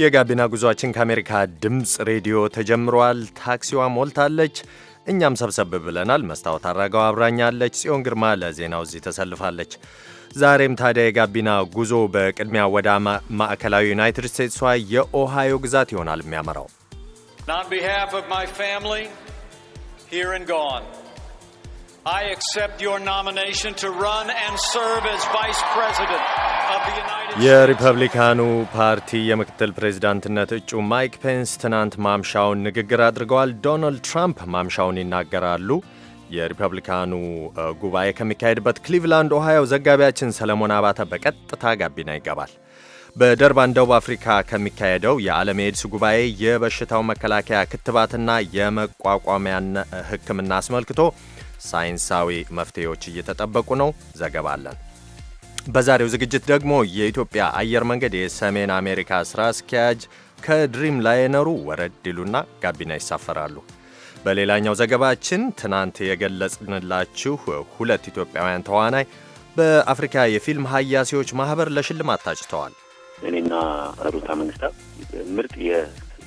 የጋቢና ጉዟችን ከአሜሪካ ድምፅ ሬዲዮ ተጀምሯል። ታክሲዋ ሞልታለች። እኛም ሰብሰብ ብለናል። መስታወት አድራጋው አብራኛለች። ጽዮን ግርማ ለዜናው እዚህ ተሰልፋለች። ዛሬም ታዲያ የጋቢና ጉዞ በቅድሚያ ወደ ማዕከላዊ ዩናይትድ ስቴትሷ የኦሃዮ ግዛት ይሆናል የሚያመራው I accept your nomination to run and serve as Vice President of the United States. የሪፐብሊካኑ ፓርቲ የምክትል ፕሬዝዳንትነት እጩ ማይክ ፔንስ ትናንት ማምሻውን ንግግር አድርገዋል። ዶናልድ ትራምፕ ማምሻውን ይናገራሉ። የሪፐብሊካኑ ጉባኤ ከሚካሄድበት ክሊቭላንድ ኦሃዮ ዘጋቢያችን ሰለሞን አባተ በቀጥታ ጋቢና ይገባል። በደርባን ደቡብ አፍሪካ ከሚካሄደው የዓለም ኤድስ ጉባኤ የበሽታው መከላከያ ክትባትና የመቋቋሚያን ሕክምና አስመልክቶ ሳይንሳዊ መፍትሄዎች እየተጠበቁ ነው። ዘገባ አለን። በዛሬው ዝግጅት ደግሞ የኢትዮጵያ አየር መንገድ የሰሜን አሜሪካ ስራ አስኪያጅ ከድሪም ላይነሩ ወረድ ይሉና ጋቢና ይሳፈራሉ። በሌላኛው ዘገባችን ትናንት የገለጽንላችሁ ሁለት ኢትዮጵያውያን ተዋናይ በአፍሪካ የፊልም ሀያሲዎች ማህበር ለሽልማት ታጭተዋል። እኔና ሩታ መንግስታ ምርጥ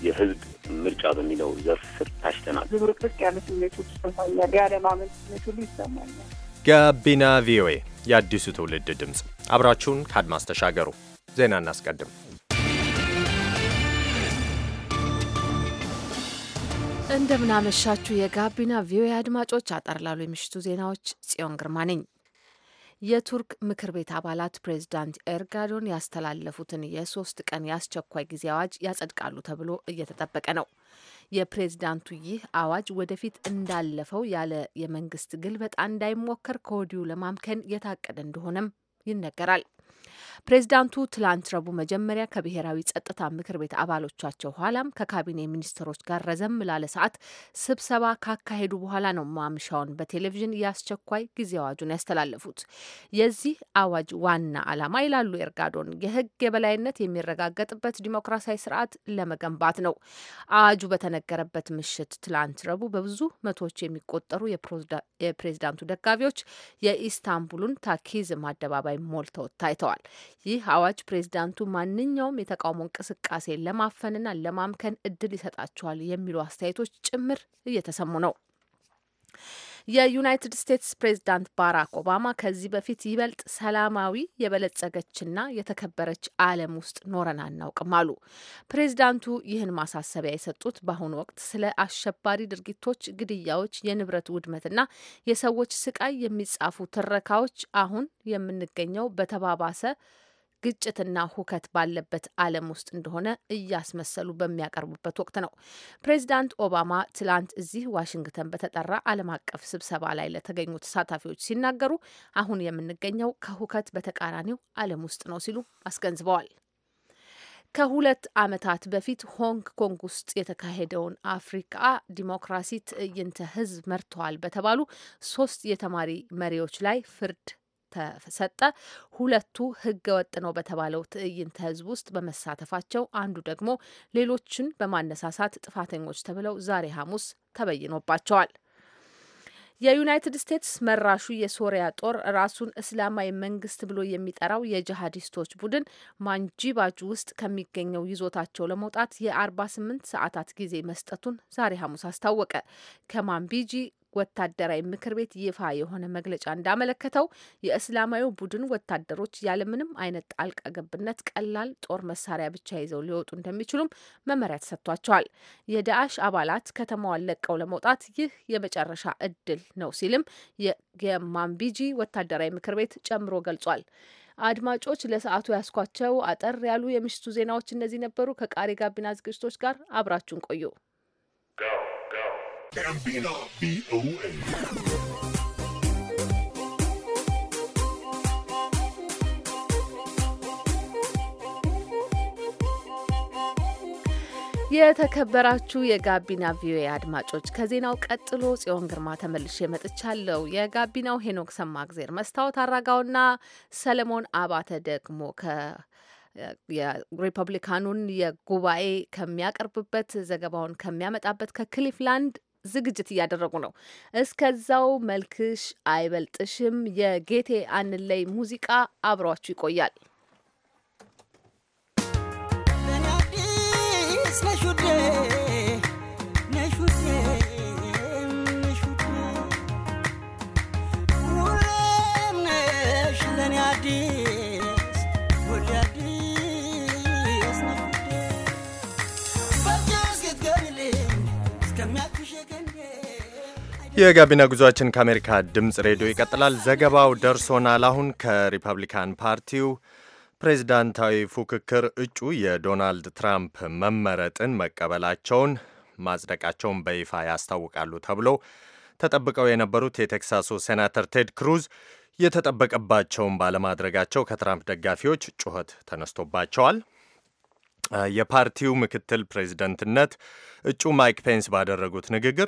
የህዝብ ምርጫ በሚለው ዘርፍ ስር ታሽተናል። ዝብርቅርቅ ያለ ስሜቶች ይሰማኛል። ያለማመን ስሜት ሁሉ ይሰማኛል። ጋቢና ቪኦኤ የአዲሱ ትውልድ ድምፅ፣ አብራችሁን ከአድማስ ተሻገሩ። ዜና እናስቀድም። እንደምናመሻችሁ የጋቢና ቪኦኤ አድማጮች፣ አጠር ላሉ የምሽቱ ዜናዎች ጽዮን ግርማ ነኝ። የቱርክ ምክር ቤት አባላት ፕሬዚዳንት ኤርጋዶን ያስተላለፉትን የሶስት ቀን የአስቸኳይ ጊዜ አዋጅ ያጸድቃሉ ተብሎ እየተጠበቀ ነው። የፕሬዚዳንቱ ይህ አዋጅ ወደፊት እንዳለፈው ያለ የመንግስት ግልበጣ እንዳይሞከር ከወዲሁ ለማምከን የታቀደ እንደሆነም ይነገራል። ፕሬዚዳንቱ ትላንት ረቡዕ መጀመሪያ ከብሔራዊ ጸጥታ ምክር ቤት አባሎቻቸው ኋላም ከካቢኔ ሚኒስትሮች ጋር ረዘም ላለ ሰዓት ስብሰባ ካካሄዱ በኋላ ነው ማምሻውን በቴሌቪዥን የአስቸኳይ ጊዜ አዋጁን ያስተላለፉት። የዚህ አዋጅ ዋና ዓላማ ይላሉ ኤርጋዶን የህግ የበላይነት የሚረጋገጥበት ዲሞክራሲያዊ ስርዓት ለመገንባት ነው። አዋጁ በተነገረበት ምሽት ትላንት ረቡዕ በብዙ መቶዎች የሚቆጠሩ የፕሬዚዳንቱ ደጋፊዎች የኢስታንቡሉን ታኪዝም አደባባይ ሞልተው ታይተዋል። ይህ አዋጅ ፕሬዚዳንቱ ማንኛውም የተቃውሞ እንቅስቃሴ ለማፈንና ለማምከን እድል ይሰጣቸዋል የሚሉ አስተያየቶች ጭምር እየተሰሙ ነው። የዩናይትድ ስቴትስ ፕሬዚዳንት ባራክ ኦባማ ከዚህ በፊት ይበልጥ ሰላማዊ የበለጸገችና የተከበረች ዓለም ውስጥ ኖረን አናውቅም አሉ። ፕሬዚዳንቱ ይህን ማሳሰቢያ የሰጡት በአሁኑ ወቅት ስለ አሸባሪ ድርጊቶች፣ ግድያዎች፣ የንብረት ውድመትና የሰዎች ስቃይ የሚጻፉ ትረካዎች አሁን የምንገኘው በተባባሰ ግጭትና ሁከት ባለበት ዓለም ውስጥ እንደሆነ እያስመሰሉ በሚያቀርቡበት ወቅት ነው። ፕሬዚዳንት ኦባማ ትላንት እዚህ ዋሽንግተን በተጠራ ዓለም አቀፍ ስብሰባ ላይ ለተገኙ ተሳታፊዎች ሲናገሩ አሁን የምንገኘው ከሁከት በተቃራኒው ዓለም ውስጥ ነው ሲሉ አስገንዝበዋል። ከሁለት ዓመታት በፊት ሆንግ ኮንግ ውስጥ የተካሄደውን አፍሪካ ዲሞክራሲ ትዕይንተ ህዝብ መርተዋል በተባሉ ሶስት የተማሪ መሪዎች ላይ ፍርድ ተሰጠ። ሁለቱ ወጥ ነው በተባለው ትዕይንተ ህዝብ ውስጥ በመሳተፋቸው አንዱ ደግሞ ሌሎችን በማነሳሳት ጥፋተኞች ተብለው ዛሬ ሐሙስ ተበይኖባቸዋል። የዩናይትድ ስቴትስ መራሹ የሶሪያ ጦር ራሱን እስላማዊ መንግስት ብሎ የሚጠራው የጂሀዲስቶች ቡድን ማንጂባጅ ውስጥ ከሚገኘው ይዞታቸው ለመውጣት የ48 ሰዓታት ጊዜ መስጠቱን ዛሬ ሐሙስ አስታወቀ። ከማንቢጂ ወታደራዊ ምክር ቤት ይፋ የሆነ መግለጫ እንዳመለከተው የእስላማዊ ቡድን ወታደሮች ያለምንም አይነት ጣልቃ ገብነት ቀላል ጦር መሳሪያ ብቻ ይዘው ሊወጡ እንደሚችሉም መመሪያ ተሰጥቷቸዋል። የዳአሽ አባላት ከተማዋን ለቀው ለመውጣት ይህ የመጨረሻ እድል ነው ሲልም የማምቢጂ ወታደራዊ ምክር ቤት ጨምሮ ገልጿል። አድማጮች ለሰዓቱ ያስኳቸው አጠር ያሉ የምሽቱ ዜናዎች እነዚህ ነበሩ። ከቃሪ ጋቢና ዝግጅቶች ጋር አብራችሁን ቆዩ። ጋቢና ቪኦኤ የተከበራችሁ የጋቢና ቪኦኤ አድማጮች ከዜናው ቀጥሎ ጽዮን ግርማ ተመልሼ መጥቻለሁ። የጋቢናው ሄኖክ ሰማግዜር፣ መስታወት አራጋውና ሰለሞን አባተ ደግሞ ሪፐብሊካኑን የጉባኤ ከሚያቀርብበት ዘገባውን ከሚያመጣበት ከክሊፍላንድ ዝግጅት እያደረጉ ነው። እስከዛው መልክሽ አይበልጥሽም የጌቴ አንለይ ሙዚቃ አብሯችሁ ይቆያል። Yeah. የጋቢና ጉዟችን ከአሜሪካ ድምፅ ሬዲዮ ይቀጥላል። ዘገባው ደርሶናል። አሁን ከሪፐብሊካን ፓርቲው ፕሬዚዳንታዊ ፉክክር እጩ የዶናልድ ትራምፕ መመረጥን መቀበላቸውን ማጽደቃቸውን በይፋ ያስታውቃሉ ተብሎ ተጠብቀው የነበሩት የቴክሳሱ ሴናተር ቴድ ክሩዝ የተጠበቀባቸውን ባለማድረጋቸው ከትራምፕ ደጋፊዎች ጩኸት ተነስቶባቸዋል። የፓርቲው ምክትል ፕሬዚደንትነት እጩ ማይክ ፔንስ ባደረጉት ንግግር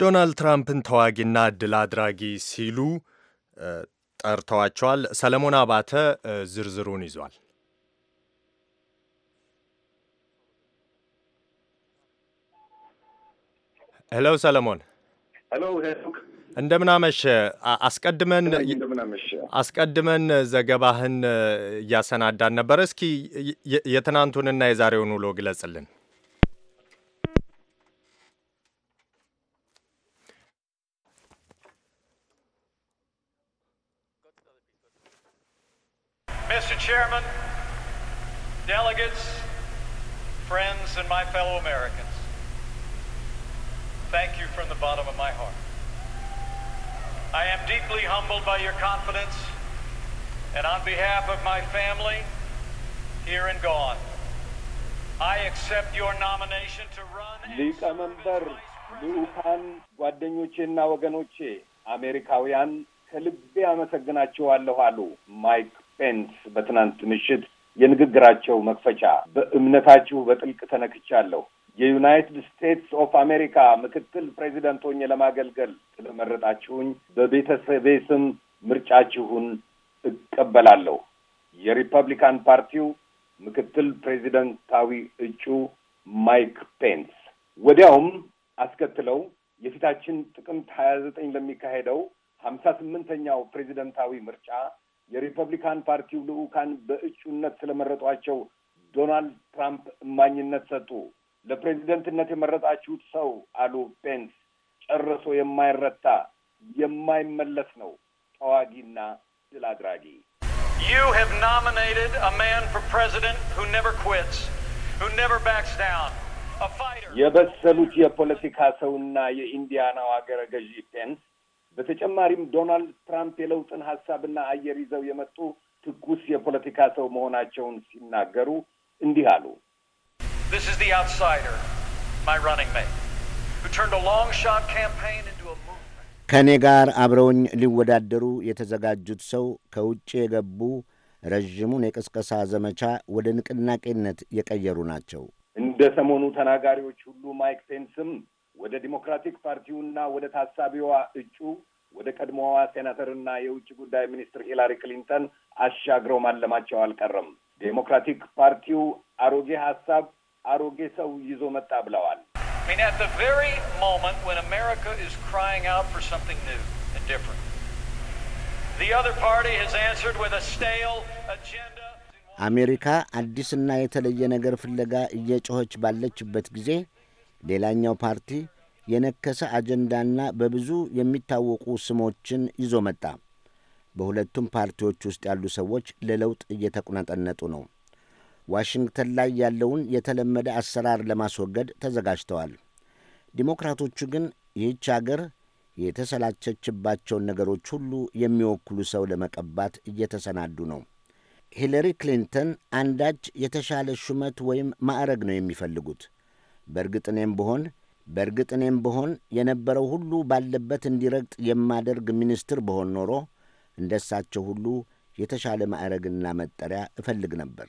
ዶናልድ ትራምፕን ተዋጊና ድል አድራጊ ሲሉ ጠርተዋቸዋል። ሰለሞን አባተ ዝርዝሩን ይዟል። ሄሎ ሰለሞን ሄሎ እንደምናመሸ አስቀድመን አስቀድመን ዘገባህን እያሰናዳን ነበር። እስኪ የትናንቱንና የዛሬውን ውሎ ግለጽልን። Chairman, delegates, friends, and my fellow Americans, thank you from the bottom of my heart. I am deeply humbled by your confidence, and on behalf of my family, here and gone, I accept your nomination to run. ሊቀመንበር ልዑካን ጓደኞቼና ወገኖቼ አሜሪካውያን ፔንስ በትናንት ምሽት የንግግራቸው መክፈቻ በእምነታችሁ በጥልቅ ተነክቻለሁ የዩናይትድ ስቴትስ ኦፍ አሜሪካ ምክትል ፕሬዚደንት ሆኜ ለማገልገል ስለመረጣችሁኝ በቤተሰቤ ስም ምርጫችሁን እቀበላለሁ። የሪፐብሊካን ፓርቲው ምክትል ፕሬዚደንታዊ እጩ ማይክ ፔንስ። ወዲያውም አስከትለው የፊታችን ጥቅምት ሀያ ዘጠኝ ለሚካሄደው ሀምሳ ስምንተኛው ፕሬዚደንታዊ ምርጫ የሪፐብሊካን ፓርቲው ልዑካን በእጩነት ስለመረጧቸው ዶናልድ ትራምፕ እማኝነት ሰጡ። ለፕሬዚደንትነት የመረጣችሁት ሰው አሉ ፔንስ፣ ጨርሶ የማይረታ የማይመለስ ነው። ተዋጊና ድል አድራጊ You have nominated a man for president who never quits, who never backs down, a fighter. የበሰሉት የፖለቲካ ሰውና የኢንዲያናው አገረ ገዢ ፔንስ በተጨማሪም ዶናልድ ትራምፕ የለውጥን ሀሳብና አየር ይዘው የመጡ ትኩስ የፖለቲካ ሰው መሆናቸውን ሲናገሩ እንዲህ አሉ። ከእኔ ጋር አብረውኝ ሊወዳደሩ የተዘጋጁት ሰው ከውጭ የገቡ ረዥሙን የቅስቀሳ ዘመቻ ወደ ንቅናቄነት የቀየሩ ናቸው። እንደ ሰሞኑ ተናጋሪዎች ሁሉ ማይክ ፔንስም ወደ ዲሞክራቲክ ፓርቲውና ወደ ታሳቢዋ እጩ ወደ ቀድሞዋ ሴናተርና የውጭ ጉዳይ ሚኒስትር ሂላሪ ክሊንተን አሻግረው ማለማቸው አልቀረም። ዴሞክራቲክ ፓርቲው አሮጌ ሀሳብ አሮጌ ሰው ይዞ መጣ ብለዋል። አሜሪካ አዲስና የተለየ ነገር ፍለጋ እየጮኸች ባለችበት ጊዜ ሌላኛው ፓርቲ የነከሰ አጀንዳና በብዙ የሚታወቁ ስሞችን ይዞ መጣ። በሁለቱም ፓርቲዎች ውስጥ ያሉ ሰዎች ለለውጥ እየተቁነጠነጡ ነው። ዋሽንግተን ላይ ያለውን የተለመደ አሰራር ለማስወገድ ተዘጋጅተዋል። ዲሞክራቶቹ ግን ይህች አገር የተሰላቸችባቸውን ነገሮች ሁሉ የሚወክሉ ሰው ለመቀባት እየተሰናዱ ነው። ሂለሪ ክሊንተን አንዳች የተሻለ ሹመት ወይም ማዕረግ ነው የሚፈልጉት። በእርግጥ እኔም ብሆን በእርግጥ እኔም ብሆን የነበረው ሁሉ ባለበት እንዲረግጥ የማደርግ ሚኒስትር ብሆን ኖሮ እንደሳቸው ሁሉ የተሻለ ማዕረግና መጠሪያ እፈልግ ነበር።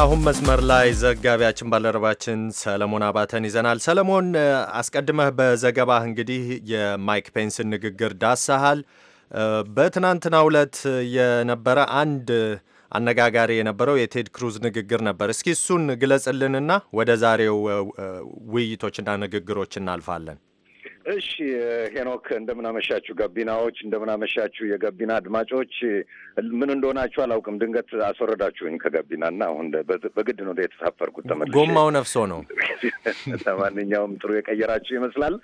አሁን መስመር ላይ ዘጋቢያችን ባልደረባችን ሰለሞን አባተን ይዘናል። ሰለሞን፣ አስቀድመህ በዘገባህ እንግዲህ የማይክ ፔንስን ንግግር ዳሰሃል። በትናንትናው ዕለት የነበረ አንድ አነጋጋሪ የነበረው የቴድ ክሩዝ ንግግር ነበር። እስኪ እሱን ግለጽልንና ወደ ዛሬው ውይይቶችና ንግግሮች እናልፋለን። እሺ ሄኖክ፣ እንደምናመሻችሁ ጋቢናዎች፣ እንደምናመሻችሁ የጋቢና አድማጮች። ምን እንደሆናችሁ አላውቅም፣ ድንገት አስወረዳችሁኝ ከጋቢና እና አሁን በግድ ነው የተሳፈርኩት። ተመ ጎማው ነፍሶ ነው። ለማንኛውም ጥሩ የቀየራችሁ ይመስላል።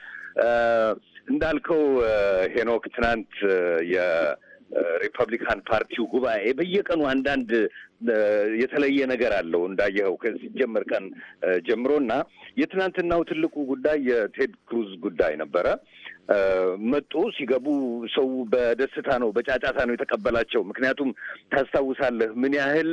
እንዳልከው ሄኖክ ትናንት ሪፐብሊካን ፓርቲው ጉባኤ በየቀኑ አንዳንድ የተለየ ነገር አለው እንዳየኸው ከሲጀመር ቀን ጀምሮ እና የትናንትናው ትልቁ ጉዳይ የቴድ ክሩዝ ጉዳይ ነበረ። መጡ ሲገቡ ሰው በደስታ ነው በጫጫታ ነው የተቀበላቸው። ምክንያቱም ታስታውሳለህ ምን ያህል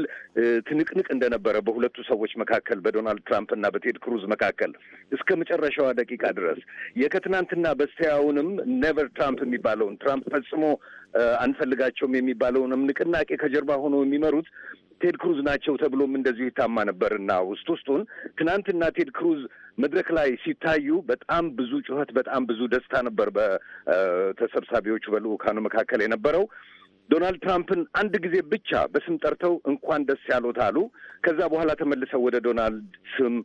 ትንቅንቅ እንደነበረ በሁለቱ ሰዎች መካከል በዶናልድ ትራምፕ እና በቴድ ክሩዝ መካከል እስከ መጨረሻዋ ደቂቃ ድረስ የከትናንትና በስቲያውንም ኔቨር ትራምፕ የሚባለውን ትራምፕ ፈጽሞ አንፈልጋቸውም የሚባለውንም ንቅናቄ ከጀርባ ሆኖ የሚመሩት ቴድ ክሩዝ ናቸው ተብሎም እንደዚሁ ይታማ ነበር እና ውስጥ ውስጡን ትናንትና ቴድ ክሩዝ መድረክ ላይ ሲታዩ በጣም ብዙ ጩኸት፣ በጣም ብዙ ደስታ ነበር በተሰብሳቢዎቹ በልኡካኑ መካከል የነበረው። ዶናልድ ትራምፕን አንድ ጊዜ ብቻ በስም ጠርተው እንኳን ደስ ያሉት አሉ። ከዛ በኋላ ተመልሰው ወደ ዶናልድ ስም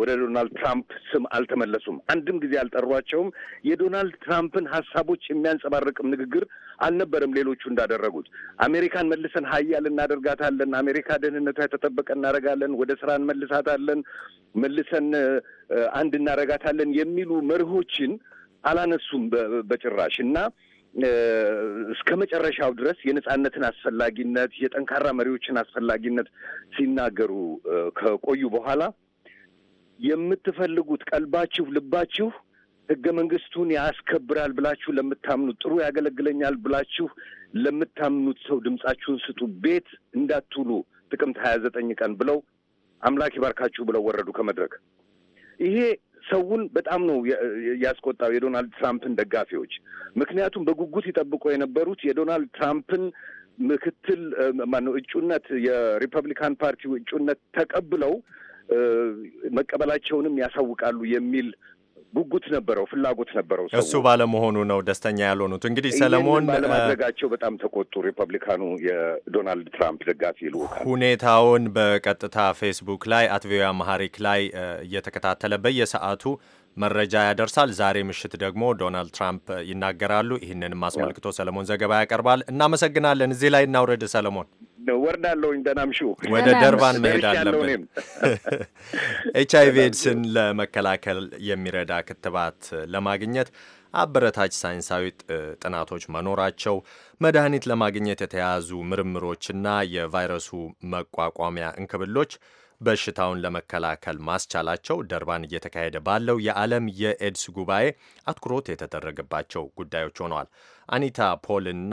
ወደ ዶናልድ ትራምፕ ስም አልተመለሱም። አንድም ጊዜ አልጠሯቸውም። የዶናልድ ትራምፕን ሀሳቦች የሚያንጸባርቅም ንግግር አልነበረም። ሌሎቹ እንዳደረጉት አሜሪካን መልሰን ሀያል እናደርጋታለን፣ አሜሪካ ደህንነቷ የተጠበቀ እናደርጋለን፣ ወደ ስራ እንመልሳታለን፣ መልሰን አንድ እናደርጋታለን የሚሉ መርሆችን አላነሱም በጭራሽ እና እስከ መጨረሻው ድረስ የነጻነትን አስፈላጊነት የጠንካራ መሪዎችን አስፈላጊነት ሲናገሩ ከቆዩ በኋላ የምትፈልጉት ቀልባችሁ፣ ልባችሁ ህገ መንግስቱን ያስከብራል ብላችሁ ለምታምኑት ጥሩ ያገለግለኛል ብላችሁ ለምታምኑት ሰው ድምጻችሁን ስጡ፣ ቤት እንዳትውሉ ጥቅምት ሀያ ዘጠኝ ቀን ብለው አምላክ ይባርካችሁ ብለው ወረዱ ከመድረክ። ይሄ ሰውን በጣም ነው ያስቆጣው፣ የዶናልድ ትራምፕን ደጋፊዎች። ምክንያቱም በጉጉት ይጠብቁ የነበሩት የዶናልድ ትራምፕን ምክትል ማነው እጩነት የሪፐብሊካን ፓርቲው እጩነት ተቀብለው መቀበላቸውንም ያሳውቃሉ የሚል ጉጉት ነበረው፣ ፍላጎት ነበረው። እሱ ባለመሆኑ ነው ደስተኛ ያልሆኑት። እንግዲህ ሰለሞን ባለማድረጋቸው በጣም ተቆጡ። ሪፐብሊካኑ የዶናልድ ትራምፕ ደጋፊ ልኡካን ሁኔታውን በቀጥታ ፌስቡክ ላይ አት ቪኦኤ አማሃሪክ ላይ እየተከታተለ በየሰዓቱ መረጃ ያደርሳል። ዛሬ ምሽት ደግሞ ዶናልድ ትራምፕ ይናገራሉ። ይህንንም አስመልክቶ ሰለሞን ዘገባ ያቀርባል። እናመሰግናለን። እዚህ ላይ እናውረድ ሰለሞን። ወርዳለሁኝ። ደህና ምሹ። ወደ ደርባን መሄድ አለብን። ኤች አይቪ ኤድስን ለመከላከል የሚረዳ ክትባት ለማግኘት አበረታች ሳይንሳዊ ጥናቶች መኖራቸው፣ መድኃኒት ለማግኘት የተያዙ ምርምሮችና የቫይረሱ መቋቋሚያ እንክብሎች በሽታውን ለመከላከል ማስቻላቸው ደርባን እየተካሄደ ባለው የዓለም የኤድስ ጉባኤ አትኩሮት የተደረገባቸው ጉዳዮች ሆነዋል። አኒታ ፖልና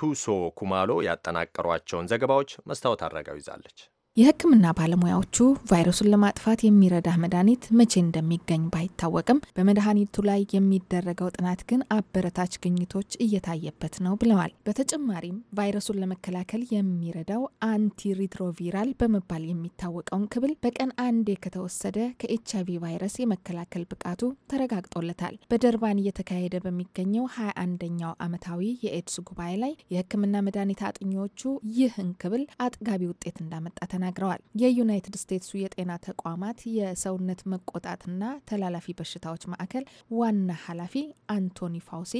ቱሶ ኩማሎ ያጠናቀሯቸውን ዘገባዎች መስታወት አድረጋው ይዛለች። የሕክምና ባለሙያዎቹ ቫይረሱን ለማጥፋት የሚረዳ መድኃኒት መቼ እንደሚገኝ ባይታወቅም በመድኃኒቱ ላይ የሚደረገው ጥናት ግን አበረታች ግኝቶች እየታየበት ነው ብለዋል። በተጨማሪም ቫይረሱን ለመከላከል የሚረዳው አንቲሪትሮቪራል በመባል የሚታወቀውን ክብል በቀን አንዴ ከተወሰደ ከኤች አይቪ ቫይረስ የመከላከል ብቃቱ ተረጋግጦለታል። በደርባን እየተካሄደ በሚገኘው ሀያ አንደኛው ዓመታዊ የኤድስ ጉባኤ ላይ የሕክምና መድኃኒት አጥኚዎቹ ይህን ክብል አጥጋቢ ውጤት እንዳመጣ ተናግረዋል። ተናግረዋል። የዩናይትድ ስቴትሱ የጤና ተቋማት የሰውነት መቆጣትና ተላላፊ በሽታዎች ማዕከል ዋና ኃላፊ አንቶኒ ፋውሲ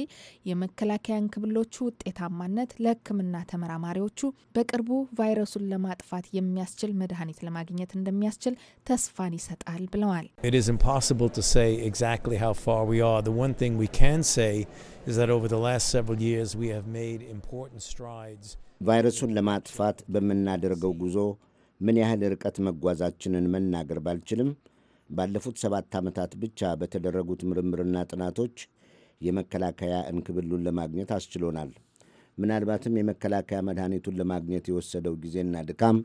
የመከላከያ እንክብሎቹ ውጤታማነት ለሕክምና ተመራማሪዎቹ በቅርቡ ቫይረሱን ለማጥፋት የሚያስችል መድኃኒት ለማግኘት እንደሚያስችል ተስፋን ይሰጣል ብለዋል። ቫይረሱን ለማጥፋት በምናደርገው ጉዞ ምን ያህል ርቀት መጓዛችንን መናገር ባልችልም ባለፉት ሰባት ዓመታት ብቻ በተደረጉት ምርምርና ጥናቶች የመከላከያ እንክብሉን ለማግኘት አስችሎናል። ምናልባትም የመከላከያ መድኃኒቱን ለማግኘት የወሰደው ጊዜና ድካም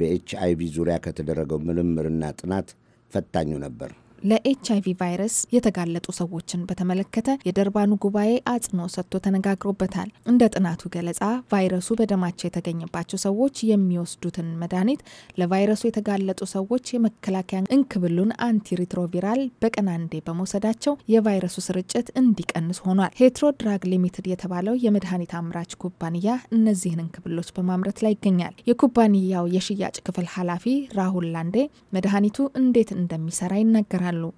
በኤች አይ ቪ ዙሪያ ከተደረገው ምርምርና ጥናት ፈታኙ ነበር። ለኤች አይቪ ቫይረስ የተጋለጡ ሰዎችን በተመለከተ የደርባኑ ጉባኤ አጽንኦ ሰጥቶ ተነጋግሮበታል። እንደ ጥናቱ ገለጻ ቫይረሱ በደማቸው የተገኘባቸው ሰዎች የሚወስዱትን መድኃኒት ለቫይረሱ የተጋለጡ ሰዎች የመከላከያ እንክብሉን አንቲሪትሮቪራል በቀን አንዴ በመውሰዳቸው የቫይረሱ ስርጭት እንዲቀንስ ሆኗል። ሄትሮ ድራግ ሊሚትድ የተባለው የመድኃኒት አምራች ኩባንያ እነዚህን እንክብሎች በማምረት ላይ ይገኛል። የኩባንያው የሽያጭ ክፍል ኃላፊ ራሁል ላንዴ መድኃኒቱ እንዴት እንደሚሰራ ይናገራል። ይገኛሉ።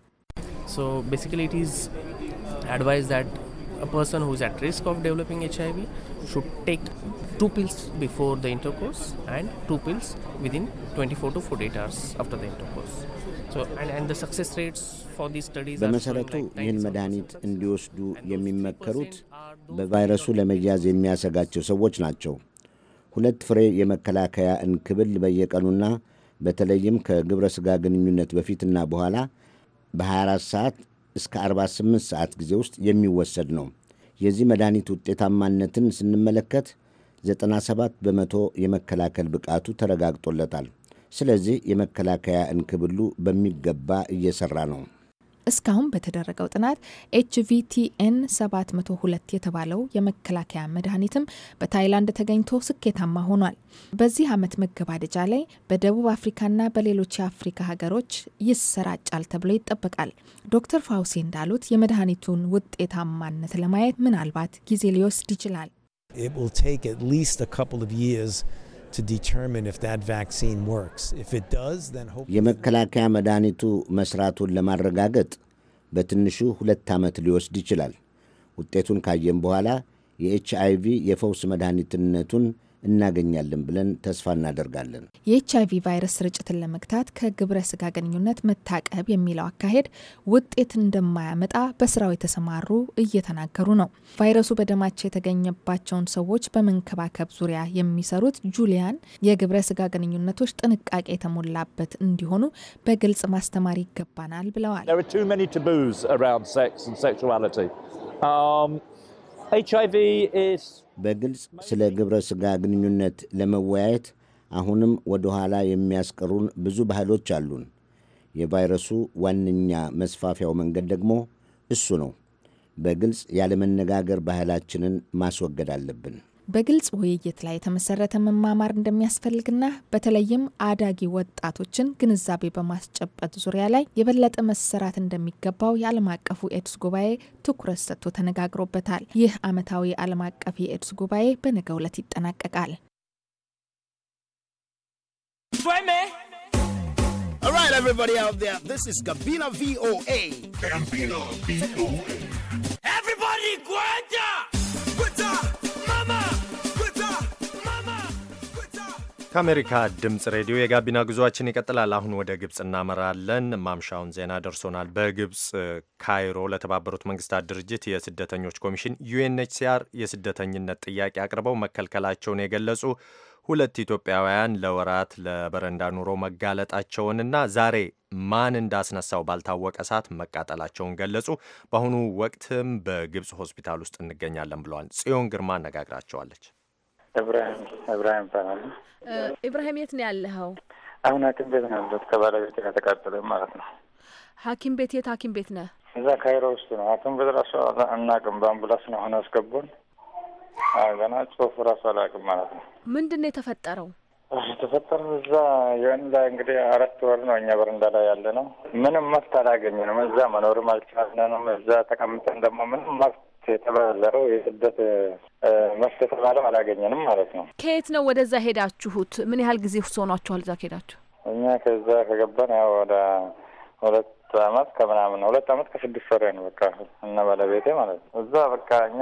በመሰረቱ ይህን መድኃኒት እንዲወስዱ የሚመከሩት በቫይረሱ ለመያዝ የሚያሰጋቸው ሰዎች ናቸው። ሁለት ፍሬ የመከላከያ እንክብል በየቀኑና በተለይም ከግብረ ሥጋ ግንኙነት በፊትና በኋላ በ24 ሰዓት እስከ 48 ሰዓት ጊዜ ውስጥ የሚወሰድ ነው። የዚህ መድኃኒት ውጤታማነትን ስንመለከት 97 በመቶ የመከላከል ብቃቱ ተረጋግጦለታል። ስለዚህ የመከላከያ እንክብሉ በሚገባ እየሰራ ነው። እስካሁን በተደረገው ጥናት ኤችቪቲኤን 702 የተባለው የመከላከያ መድኃኒትም በታይላንድ ተገኝቶ ስኬታማ ሆኗል። በዚህ ዓመት መገባደጃ ላይ በደቡብ አፍሪካና በሌሎች የአፍሪካ ሀገሮች ይሰራጫል ተብሎ ይጠበቃል። ዶክተር ፋውሲ እንዳሉት የመድኃኒቱን ውጤታማነት ለማየት ምናልባት ጊዜ ሊወስድ ይችላል። የመከላከያ መድኃኒቱ መስራቱን ለማረጋገጥ በትንሹ ሁለት ዓመት ሊወስድ ይችላል። ውጤቱን ካየም በኋላ የኤች አይ ቪ የፈውስ መድኃኒትነቱን እናገኛለን ብለን ተስፋ እናደርጋለን። የኤች አይቪ ቫይረስ ስርጭትን ለመግታት ከግብረ ስጋ ግንኙነት መታቀብ የሚለው አካሄድ ውጤት እንደማያመጣ በስራው የተሰማሩ እየተናገሩ ነው። ቫይረሱ በደማቸው የተገኘባቸውን ሰዎች በመንከባከብ ዙሪያ የሚሰሩት ጁሊያን የግብረ ስጋ ግንኙነቶች ጥንቃቄ የተሞላበት እንዲሆኑ በግልጽ ማስተማር ይገባናል ብለዋል። በግልጽ ስለ ግብረ ሥጋ ግንኙነት ለመወያየት አሁንም ወደ ኋላ የሚያስቀሩን ብዙ ባህሎች አሉን። የቫይረሱ ዋነኛ መስፋፊያው መንገድ ደግሞ እሱ ነው። በግልጽ ያለመነጋገር ባህላችንን ማስወገድ አለብን። በግልጽ ውይይት ላይ የተመሰረተ መማማር እንደሚያስፈልግና በተለይም አዳጊ ወጣቶችን ግንዛቤ በማስጨበጥ ዙሪያ ላይ የበለጠ መሰራት እንደሚገባው የዓለም አቀፉ ኤድስ ጉባኤ ትኩረት ሰጥቶ ተነጋግሮበታል። ይህ ዓመታዊ የዓለም አቀፍ የኤድስ ጉባኤ በነገው ዕለት ይጠናቀቃል። Everybody, go! ከአሜሪካ ድምፅ ሬዲዮ የጋቢና ጉዟችን ይቀጥላል። አሁን ወደ ግብፅ እናመራለን። ማምሻውን ዜና ደርሶናል። በግብፅ ካይሮ ለተባበሩት መንግስታት ድርጅት የስደተኞች ኮሚሽን ዩኤንኤችሲአር የስደተኝነት ጥያቄ አቅርበው መከልከላቸውን የገለጹ ሁለት ኢትዮጵያውያን ለወራት ለበረንዳ ኑሮ መጋለጣቸውንና ዛሬ ማን እንዳስነሳው ባልታወቀ እሳት መቃጠላቸውን ገለጹ። በአሁኑ ወቅትም በግብፅ ሆስፒታል ውስጥ እንገኛለን ብለዋል። ጽዮን ግርማ አነጋግራቸዋለች። እብራሂም እብራሂም ይባላል። ኢብራሂም የት ነው ያለኸው? አሁን ሐኪም ቤት ነው ያለሁት ከባለቤት ከተቃጠለ ማለት ነው። ሐኪም ቤት የት ሐኪም ቤት ነህ? እዛ ካይሮ ውስጥ ነው። ሐኪም ቤት ራሱ አናውቅም። በአምቡላንስ ነው ሆነ አስገቡን። ገና ጽሁፍ ራሱ አላውቅም ማለት ነው። ምንድን ነው የተፈጠረው? የተፈጠረው እዛ የሆን ላይ እንግዲህ አራት ወር ነው እኛ በረንዳ ላይ ያለ ነው። ምንም መፍት አላገኘንም። እዛ መኖርም አልቻለንም። እዛ ተቀምጠን ደግሞ ምንም መፍት የተባረረው የስደት መፍትሄ ተባለም አላገኘንም ማለት ነው። ከየት ነው ወደዛ ሄዳችሁት? ምን ያህል ጊዜ ሆኗችኋል እዛ ከሄዳችሁ? እኛ ከዛ ከገባን ያው ወደ ሁለት አመት ከምናምን ሁለት አመት ከስድስት ወር ነው በቃ እነ ባለቤቴ ማለት ነው። እዛ በቃ እኛ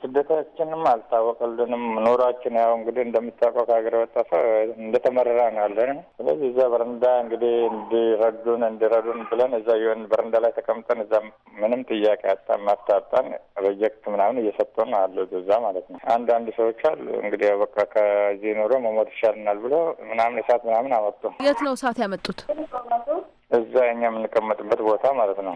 ስደታችንም አልታወቀልንም። ኑሯችን ያው እንግዲህ እንደምታውቀው ከሀገር ወጣ ሰው እንደተመረራ ነው ያለን። ስለዚህ እዛ በረንዳ እንግዲህ እንዲረዱን እንዲረዱን ብለን እዛ የሆን በረንዳ ላይ ተቀምጠን እዛ ምንም ጥያቄ አጣን መብት አጣን። ምናምን እየሰጡን አሉ እዛ ማለት ነው። አንዳንድ ሰዎች አሉ እንግዲህ በቃ ከዚህ ኑሮ መሞት ይሻልናል ብሎ ምናምን እሳት ምናምን አመጡ። የት ነው እሳት ያመጡት? እዛ እኛ የምንቀመጥበት ቦታ ማለት ነው።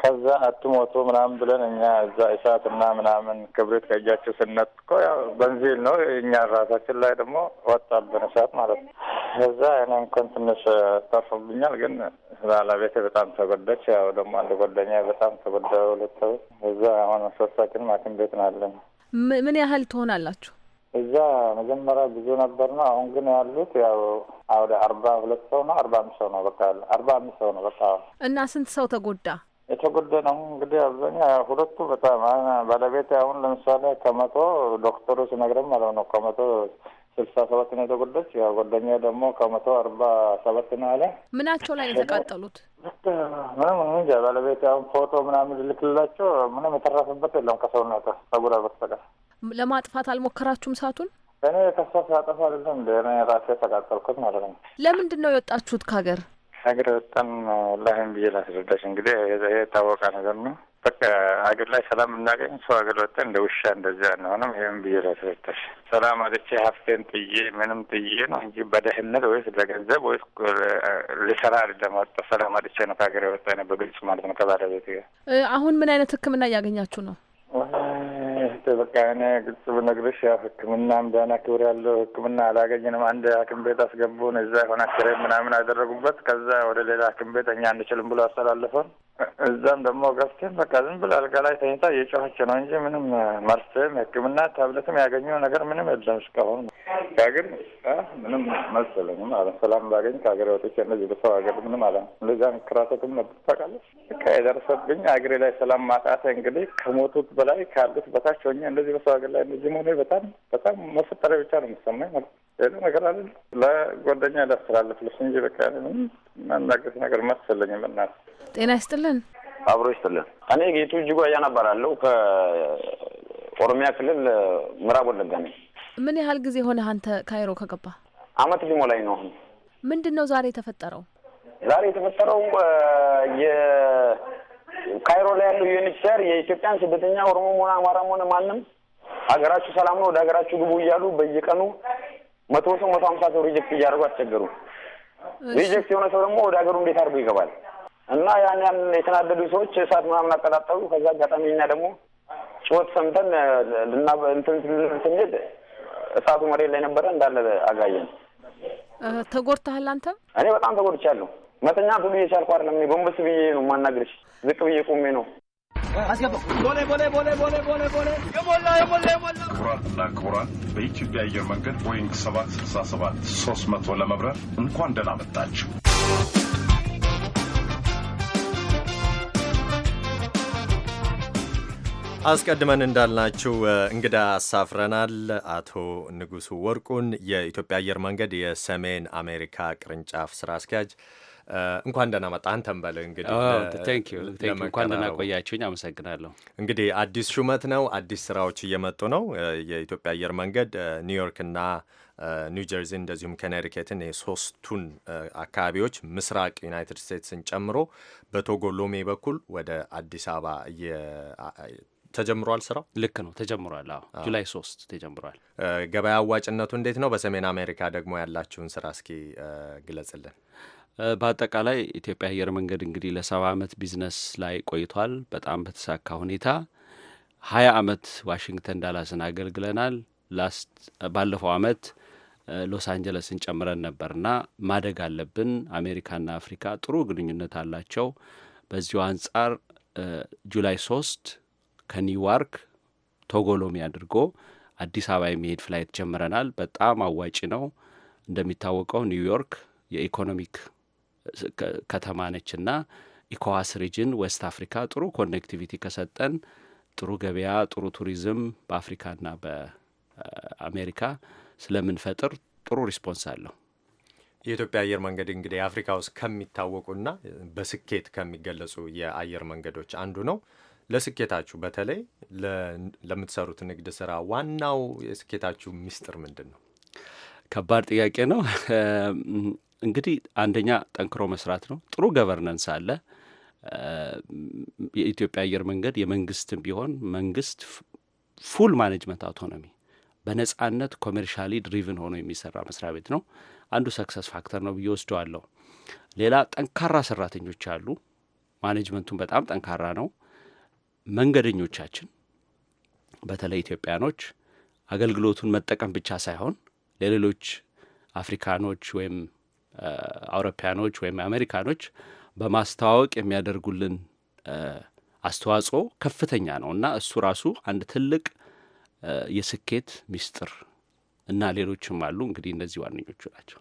ከዛ አትሞቶ ምናምን ብለን እኛ እዛ እሳትና ምናምን ክብሪት ከእጃቸው ስነጥቆ ያው በንዚል ነው እኛ ራሳችን ላይ ደግሞ ወጣብን እሳት ማለት ነው። እዛ እኔ እንኳን ትንሽ ተርፎብኛል፣ ግን ባለቤቴ በጣም ተጎዳች። ያው ደግሞ አንድ ጓደኛ በጣም ተጎዳ። ሁለተው እዛ አሁን ሶስታችን ማኪም ቤት ናለን። ምን ያህል ትሆናላችሁ? እዛ መጀመሪያ ብዙ ነበር ነው። አሁን ግን ያሉት ያው ወደ አርባ ሁለት ሰው ነው አርባ አምስት ሰው ነው በቃ አርባ አምስት ሰው ነው በቃ። እና ስንት ሰው ተጎዳ? የተጎዳ ነው እንግዲህ አብዛኛ ሁለቱ በጣም ባለቤት አሁን ለምሳሌ ከመቶ ዶክተሩ ሲነግረም ማለት ነው ከመቶ ስልሳ ሰባት ነው የተጎዳች። ያ ጓደኛ ደግሞ ከመቶ አርባ ሰባት ነው አለ። ምናቸው ላይ የተቃጠሉት? ምንም እንጃ ባለቤት አሁን ፎቶ ምናምን ልክላቸው ምንም የተረፈበት የለም ከሰውነት ጸጉር በስተቀር ለማጥፋት አልሞከራችሁም እሳቱን? እኔ ተስፋ ስላጠፋ አይደለም ራሴ ተቃጠልኩት ማለት ነው። ለምንድን ነው የወጣችሁት ከሀገር? ሀገር በጣም ላይም ብዬ ላስረዳሽ እንግዲህ የታወቀ ነገር ነው። በቃ ሀገር ላይ ሰላም እናገኝ ሰው ሀገር ወጣ እንደ ውሻ እንደዚያ አንሆንም። ይህም ብዬ ላስረዳሽ ሰላም አጥቼ ሀፍቴን ጥዬ ምንም ጥዬ ነው እንጂ በደህንነት ወይስ ለገንዘብ ወይስ ልሰራ አይደለም። ሰላም አጥቼ ነው ከሀገር የወጣ ነው በግልጽ ማለት ነው ከባለቤት ጋር። አሁን ምን አይነት ህክምና እያገኛችሁ ነው? በቃ እኔ ግልጽ ብነግርሽ ያው ሕክምናም ዳና ክብር ያለው ሕክምና አላገኝንም። አንድ ሐኪም ቤት አስገቡን። እዛ የሆነ አስክሬን ምናምን አደረጉበት። ከዛ ወደ ሌላ ሐኪም ቤት እኛ አንችልም ብሎ አስተላለፈን። እዛም ደግሞ ገብተን በቃ ዝም ብላ አልጋ ላይ ተኝታ እየጮኸች ነው እንጂ ምንም መርስም ሕክምና ታብለትም ያገኘው ነገር ምንም የለም እስካሁን። ከሀገር ምንም መሰለኝም አለ ሰላም ባገኝ ከሀገር ወጥቼ እንደዚህ በሰው ሀገር ምንም አለ እንደዛ ምክራሰትም ነበር ታውቃለች። በቃ የደረሰብኝ አገሬ ላይ ሰላም ማጣት እንግዲህ ከሞቱት በላይ ካሉት በታች ሆኜ እንደዚህ በሰው ሀገር ላይ እንደዚህ መሆኑ በጣም በጣም መፈጠሪ ብቻ ነው የምሰማኝ ማለት ሌላ ነገር አለ ለጓደኛ ዳስተላለፍ እንጂ በቃ ምንም መናገስ ነገር መሰለኝ ምናት ጤና ይስጥልኝ። ይስጥልን። አብሮ ይስጥልን። እኔ ጌቱ እጅጉ እያነበራለሁ ከኦሮሚያ ክልል ምዕራብ ወለጋ ነኝ። ምን ያህል ጊዜ ሆነ አንተ ካይሮ ከገባ? አመት ሊሞላኝ ነው። አሁን ምንድን ነው ዛሬ የተፈጠረው? ዛሬ የተፈጠረው ካይሮ ላይ ያለው ዩኤንኤችሲአር የኢትዮጵያን ስደተኛ ኦሮሞም ሆነ አማራም ሆነ ማንም ሀገራችሁ ሰላም ነው ወደ ሀገራችሁ ግቡ እያሉ በየቀኑ መቶ ሰው መቶ ሀምሳ ሰው ሪጀክት እያደረጉ አስቸገሩ። ሪጀክት የሆነ ሰው ደግሞ ወደ ሀገሩ እንዴት አድርጎ ይገባል? እና ያን ያን የተናደዱ ሰዎች እሳት ምናምን አቀጣጠሉ። ከዛ አጋጣሚ እኛ ደግሞ ጩኸት ሰምተን ልና እንትን ስንሄድ እሳቱ መሬት ላይ ነበረ እንዳለ አጋየን። ተጎድተሃል አንተም? እኔ በጣም ተጎድቻለሁ። መተኛቱ ብዬ ቻልኩ አይደለም። ጎንበስ ብዬ ነው ማናገርሽ። ዝቅ ብዬ ቁሜ ነው ክቡራትና ክቡራን በኢትዮጵያ አየር መንገድ ቦይንግ 767 300 ለመብረር እንኳን ደህና መጣችሁ። አስቀድመን እንዳልናችሁ እንግዳ አሳፍረናል። አቶ ንጉሱ ወርቁን የኢትዮጵያ አየር መንገድ የሰሜን አሜሪካ ቅርንጫፍ ስራ አስኪያጅ እንኳን ደህና መጣህ። አንተም በለው እንግዲህ እንኳን ደህና ቆያችሁኝ። አመሰግናለሁ። እንግዲህ አዲስ ሹመት ነው፣ አዲስ ስራዎች እየመጡ ነው። የኢትዮጵያ አየር መንገድ ኒውዮርክና ኒውጀርዚን እንደዚሁም ከኔሪኬትን የሶስቱን አካባቢዎች ምስራቅ ዩናይትድ ስቴትስን ጨምሮ በቶጎ ሎሜ በኩል ወደ አዲስ አበባ ተጀምሯል ስራው። ልክ ነው ተጀምሯል። አዎ ጁላይ ሶስት ተጀምሯል። ገበያ አዋጭነቱ እንዴት ነው? በሰሜን አሜሪካ ደግሞ ያላችሁን ስራ እስኪ ግለጽልን። በአጠቃላይ ኢትዮጵያ አየር መንገድ እንግዲህ ለሰባ ዓመት ቢዝነስ ላይ ቆይቷል። በጣም በተሳካ ሁኔታ ሀያ ዓመት ዋሽንግተን ዳላስን አገልግለናል። ላስት ባለፈው ዓመት ሎስ አንጀለስን ጨምረን ነበርና ማደግ አለብን። አሜሪካና አፍሪካ ጥሩ ግንኙነት አላቸው። በዚሁ አንጻር ጁላይ ሶስት ከኒውዋርክ ቶጎሎሚ አድርጎ አዲስ አበባ የሚሄድ ፍላይት ጀምረናል። በጣም አዋጭ ነው። እንደሚታወቀው ኒውዮርክ የኢኮኖሚክ ከተማ ነችና ኢኮዋስ ሪጅን ዌስት አፍሪካ ጥሩ ኮኔክቲቪቲ ከሰጠን ጥሩ ገበያ፣ ጥሩ ቱሪዝም በአፍሪካና በአሜሪካ ስለምንፈጥር ጥሩ ሪስፖንስ አለው። የኢትዮጵያ አየር መንገድ እንግዲህ አፍሪካ ውስጥ ከሚታወቁና በስኬት ከሚገለጹ የአየር መንገዶች አንዱ ነው። ለስኬታችሁ በተለይ ለምትሰሩት ንግድ ስራ ዋናው የስኬታችሁ ሚስጥር ምንድን ነው? ከባድ ጥያቄ ነው። እንግዲህ አንደኛ ጠንክሮ መስራት ነው። ጥሩ ገቨርነንስ አለ። የኢትዮጵያ አየር መንገድ የመንግስትም ቢሆን መንግስት ፉል ማኔጅመንት አውቶኖሚ በነጻነት ኮሜርሻሊ ድሪቭን ሆኖ የሚሰራ መስሪያ ቤት ነው። አንዱ ሰክሰስ ፋክተር ነው ብዬ ወስደዋለሁ። ሌላ ጠንካራ ሰራተኞች አሉ። ማኔጅመንቱን በጣም ጠንካራ ነው። መንገደኞቻችን በተለይ ኢትዮጵያኖች አገልግሎቱን መጠቀም ብቻ ሳይሆን ለሌሎች አፍሪካኖች ወይም አውሮፓያኖች ወይም አሜሪካኖች በማስተዋወቅ የሚያደርጉልን አስተዋጽኦ ከፍተኛ ነው እና እሱ ራሱ አንድ ትልቅ የስኬት ሚስጥር እና ሌሎችም አሉ። እንግዲህ እነዚህ ዋነኞቹ ናቸው።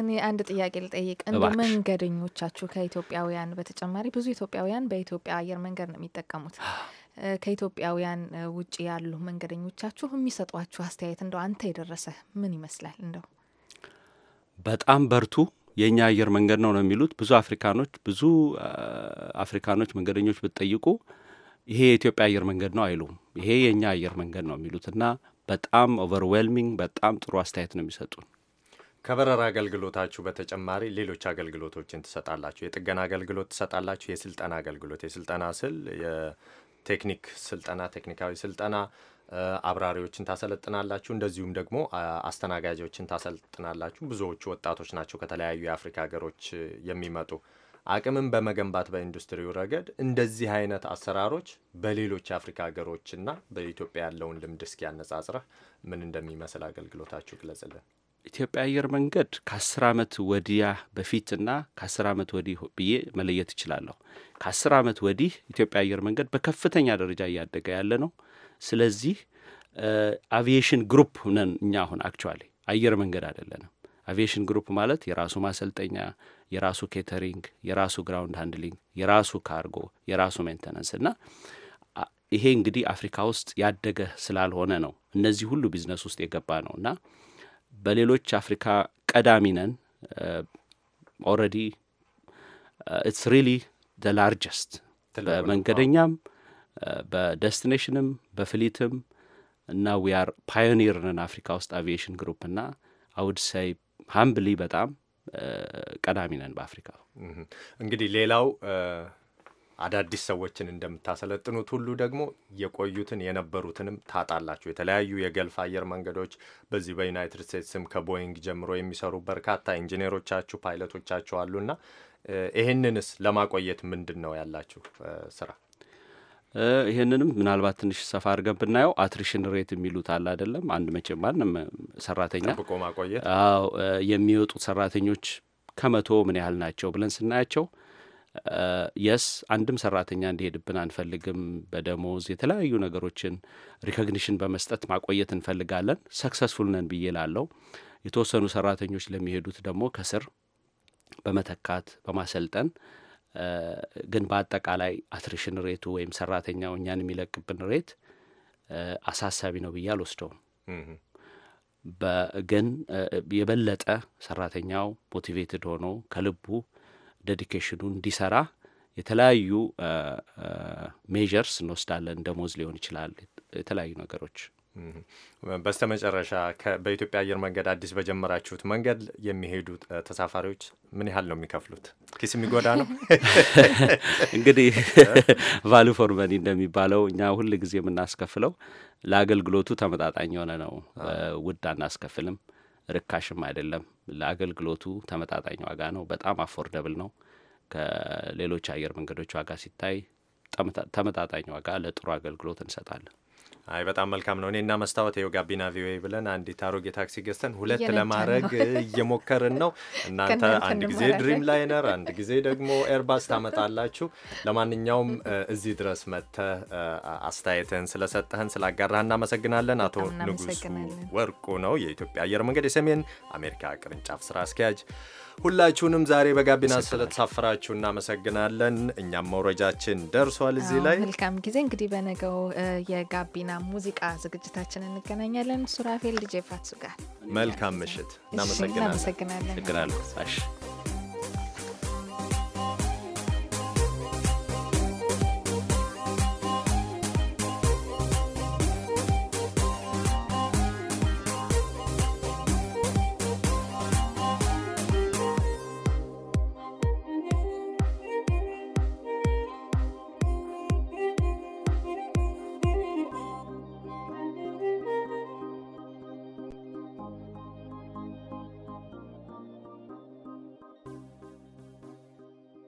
እኔ አንድ ጥያቄ ልጠይቅ። እንደ መንገደኞቻችሁ ከኢትዮጵያውያን በተጨማሪ ብዙ ኢትዮጵያውያን በኢትዮጵያ አየር መንገድ ነው የሚጠቀሙት። ከኢትዮጵያውያን ውጭ ያሉ መንገደኞቻችሁ የሚሰጧችሁ አስተያየት እንደው አንተ የደረሰ ምን ይመስላል? እንደው በጣም በርቱ የእኛ አየር መንገድ ነው ነው የሚሉት ብዙ አፍሪካኖች ብዙ አፍሪካኖች መንገደኞች ብትጠይቁ ይሄ የኢትዮጵያ አየር መንገድ ነው አይሉም። ይሄ የእኛ አየር መንገድ ነው የሚሉት እና በጣም ኦቨርዌልሚንግ በጣም ጥሩ አስተያየት ነው የሚሰጡን። ከበረራ አገልግሎታችሁ በተጨማሪ ሌሎች አገልግሎቶችን ትሰጣላችሁ። የጥገና አገልግሎት ትሰጣላችሁ። የስልጠና አገልግሎት የስልጠና ስል የቴክኒክ ስልጠና፣ ቴክኒካዊ ስልጠና አብራሪዎችን ታሰለጥናላችሁ። እንደዚሁም ደግሞ አስተናጋጆችን ታሰልጥናላችሁ። ብዙዎቹ ወጣቶች ናቸው ከተለያዩ የአፍሪካ ሀገሮች የሚመጡ። አቅምን በመገንባት በኢንዱስትሪው ረገድ እንደዚህ አይነት አሰራሮች በሌሎች የአፍሪካ ሀገሮችና በኢትዮጵያ ያለውን ልምድ እስኪ ያነጻጽረህ ምን እንደሚመስል አገልግሎታችሁ ግለጽልን። ኢትዮጵያ አየር መንገድ ከአስር ዓመት ወዲያ በፊትና ከአስር ዓመት ወዲህ ብዬ መለየት እችላለሁ። ከአስር ዓመት ወዲህ ኢትዮጵያ አየር መንገድ በከፍተኛ ደረጃ እያደገ ያለ ነው። ስለዚህ አቪዬሽን ግሩፕ ነን እኛ አሁን አክቹዋሊ አየር መንገድ አይደለንም። አቪዬሽን ግሩፕ ማለት የራሱ ማሰልጠኛ፣ የራሱ ኬተሪንግ፣ የራሱ ግራውንድ ሃንድሊንግ፣ የራሱ ካርጎ፣ የራሱ ሜንተነንስ እና ይሄ እንግዲህ አፍሪካ ውስጥ ያደገ ስላልሆነ ነው እነዚህ ሁሉ ቢዝነስ ውስጥ የገባ ነው እና በሌሎች አፍሪካ ቀዳሚ ነን። ኦልሬዲ ኢትስ ሪሊ ደ ላርጀስት በመንገደኛም በደስቲኔሽንም በፍሊትም እና ዊ አር ፓዮኒር ነን አፍሪካ ውስጥ አቪዬሽን ግሩፕ እና አውድ ሳይ ሀምብሊ በጣም ቀዳሚ ነን በአፍሪካ። እንግዲህ ሌላው አዳዲስ ሰዎችን እንደምታሰለጥኑት ሁሉ ደግሞ የቆዩትን የነበሩትንም ታጣላችሁ። የተለያዩ የገልፍ አየር መንገዶች በዚህ በዩናይትድ ስቴትስም ከቦይንግ ጀምሮ የሚሰሩ በርካታ ኢንጂኔሮቻችሁ፣ ፓይለቶቻችሁ አሉና ይህንንስ ለማቆየት ምንድን ነው ያላችሁ ስራ? ይህንንም ምናልባት ትንሽ ሰፋ አድርገን ብናየው አትሪሽን ሬት የሚሉት አለ አይደለም? አንድ መቼ ማንም ሰራተኛ ጠብቆ ማቆየት የሚወጡት ሰራተኞች ከመቶ ምን ያህል ናቸው ብለን ስናያቸው የስ አንድም ሰራተኛ እንዲሄድብን አንፈልግም። በደሞዝ የተለያዩ ነገሮችን ሪኮግኒሽን በመስጠት ማቆየት እንፈልጋለን። ሰክሰስፉል ነን ብዬ ላለው የተወሰኑ ሰራተኞች ለሚሄዱት ደግሞ ከስር በመተካት በማሰልጠን ግን በአጠቃላይ አትሪሽን ሬቱ ወይም ሰራተኛው እኛን የሚለቅብን ሬት አሳሳቢ ነው ብዬ አልወስደውም። ግን የበለጠ ሰራተኛው ሞቲቬትድ ሆኖ ከልቡ ዴዲኬሽኑ እንዲሰራ የተለያዩ ሜዠርስ እንወስዳለን። ደሞዝ ሊሆን ይችላል፣ የተለያዩ ነገሮች። በስተመጨረሻ በኢትዮጵያ አየር መንገድ አዲስ በጀመራችሁት መንገድ የሚሄዱ ተሳፋሪዎች ምን ያህል ነው የሚከፍሉት? ኪስ የሚጎዳ ነው እንግዲህ ቫሉ ፎር መኒ እንደሚባለው እኛ ሁል ጊዜ የምናስከፍለው ለአገልግሎቱ ተመጣጣኝ የሆነ ነው። ውድ አናስከፍልም። ርካሽም አይደለም። ለአገልግሎቱ ተመጣጣኝ ዋጋ ነው። በጣም አፎርደብል ነው። ከሌሎች አየር መንገዶች ዋጋ ሲታይ ተመጣጣኝ ዋጋ ለጥሩ አገልግሎት እንሰጣለን። አይ በጣም መልካም ነው። እኔና መስታወት ው ጋቢና ቪኦኤ ብለን አንዲት አሮጌ ታክሲ ገዝተን ሁለት ለማድረግ እየሞከርን ነው። እናንተ አንድ ጊዜ ድሪም ላይነር፣ አንድ ጊዜ ደግሞ ኤርባስ ታመጣላችሁ። ለማንኛውም እዚህ ድረስ መጥተህ አስተያየትህን ስለሰጠህን ስላጋራህ እናመሰግናለን። አቶ ንጉሱ ወርቁ ነው የኢትዮጵያ አየር መንገድ የሰሜን አሜሪካ ቅርንጫፍ ስራ አስኪያጅ። ሁላችሁንም ዛሬ በጋቢና ስለተሳፈራችሁ እናመሰግናለን። እኛም መውረጃችን ደርሷል። እዚህ ላይ መልካም ጊዜ። እንግዲህ በነገው የጋቢና ሙዚቃ ዝግጅታችን እንገናኛለን። ሱራፌል ልጄ ፋትሱ ጋር መልካም ምሽት። እናመሰግናለን።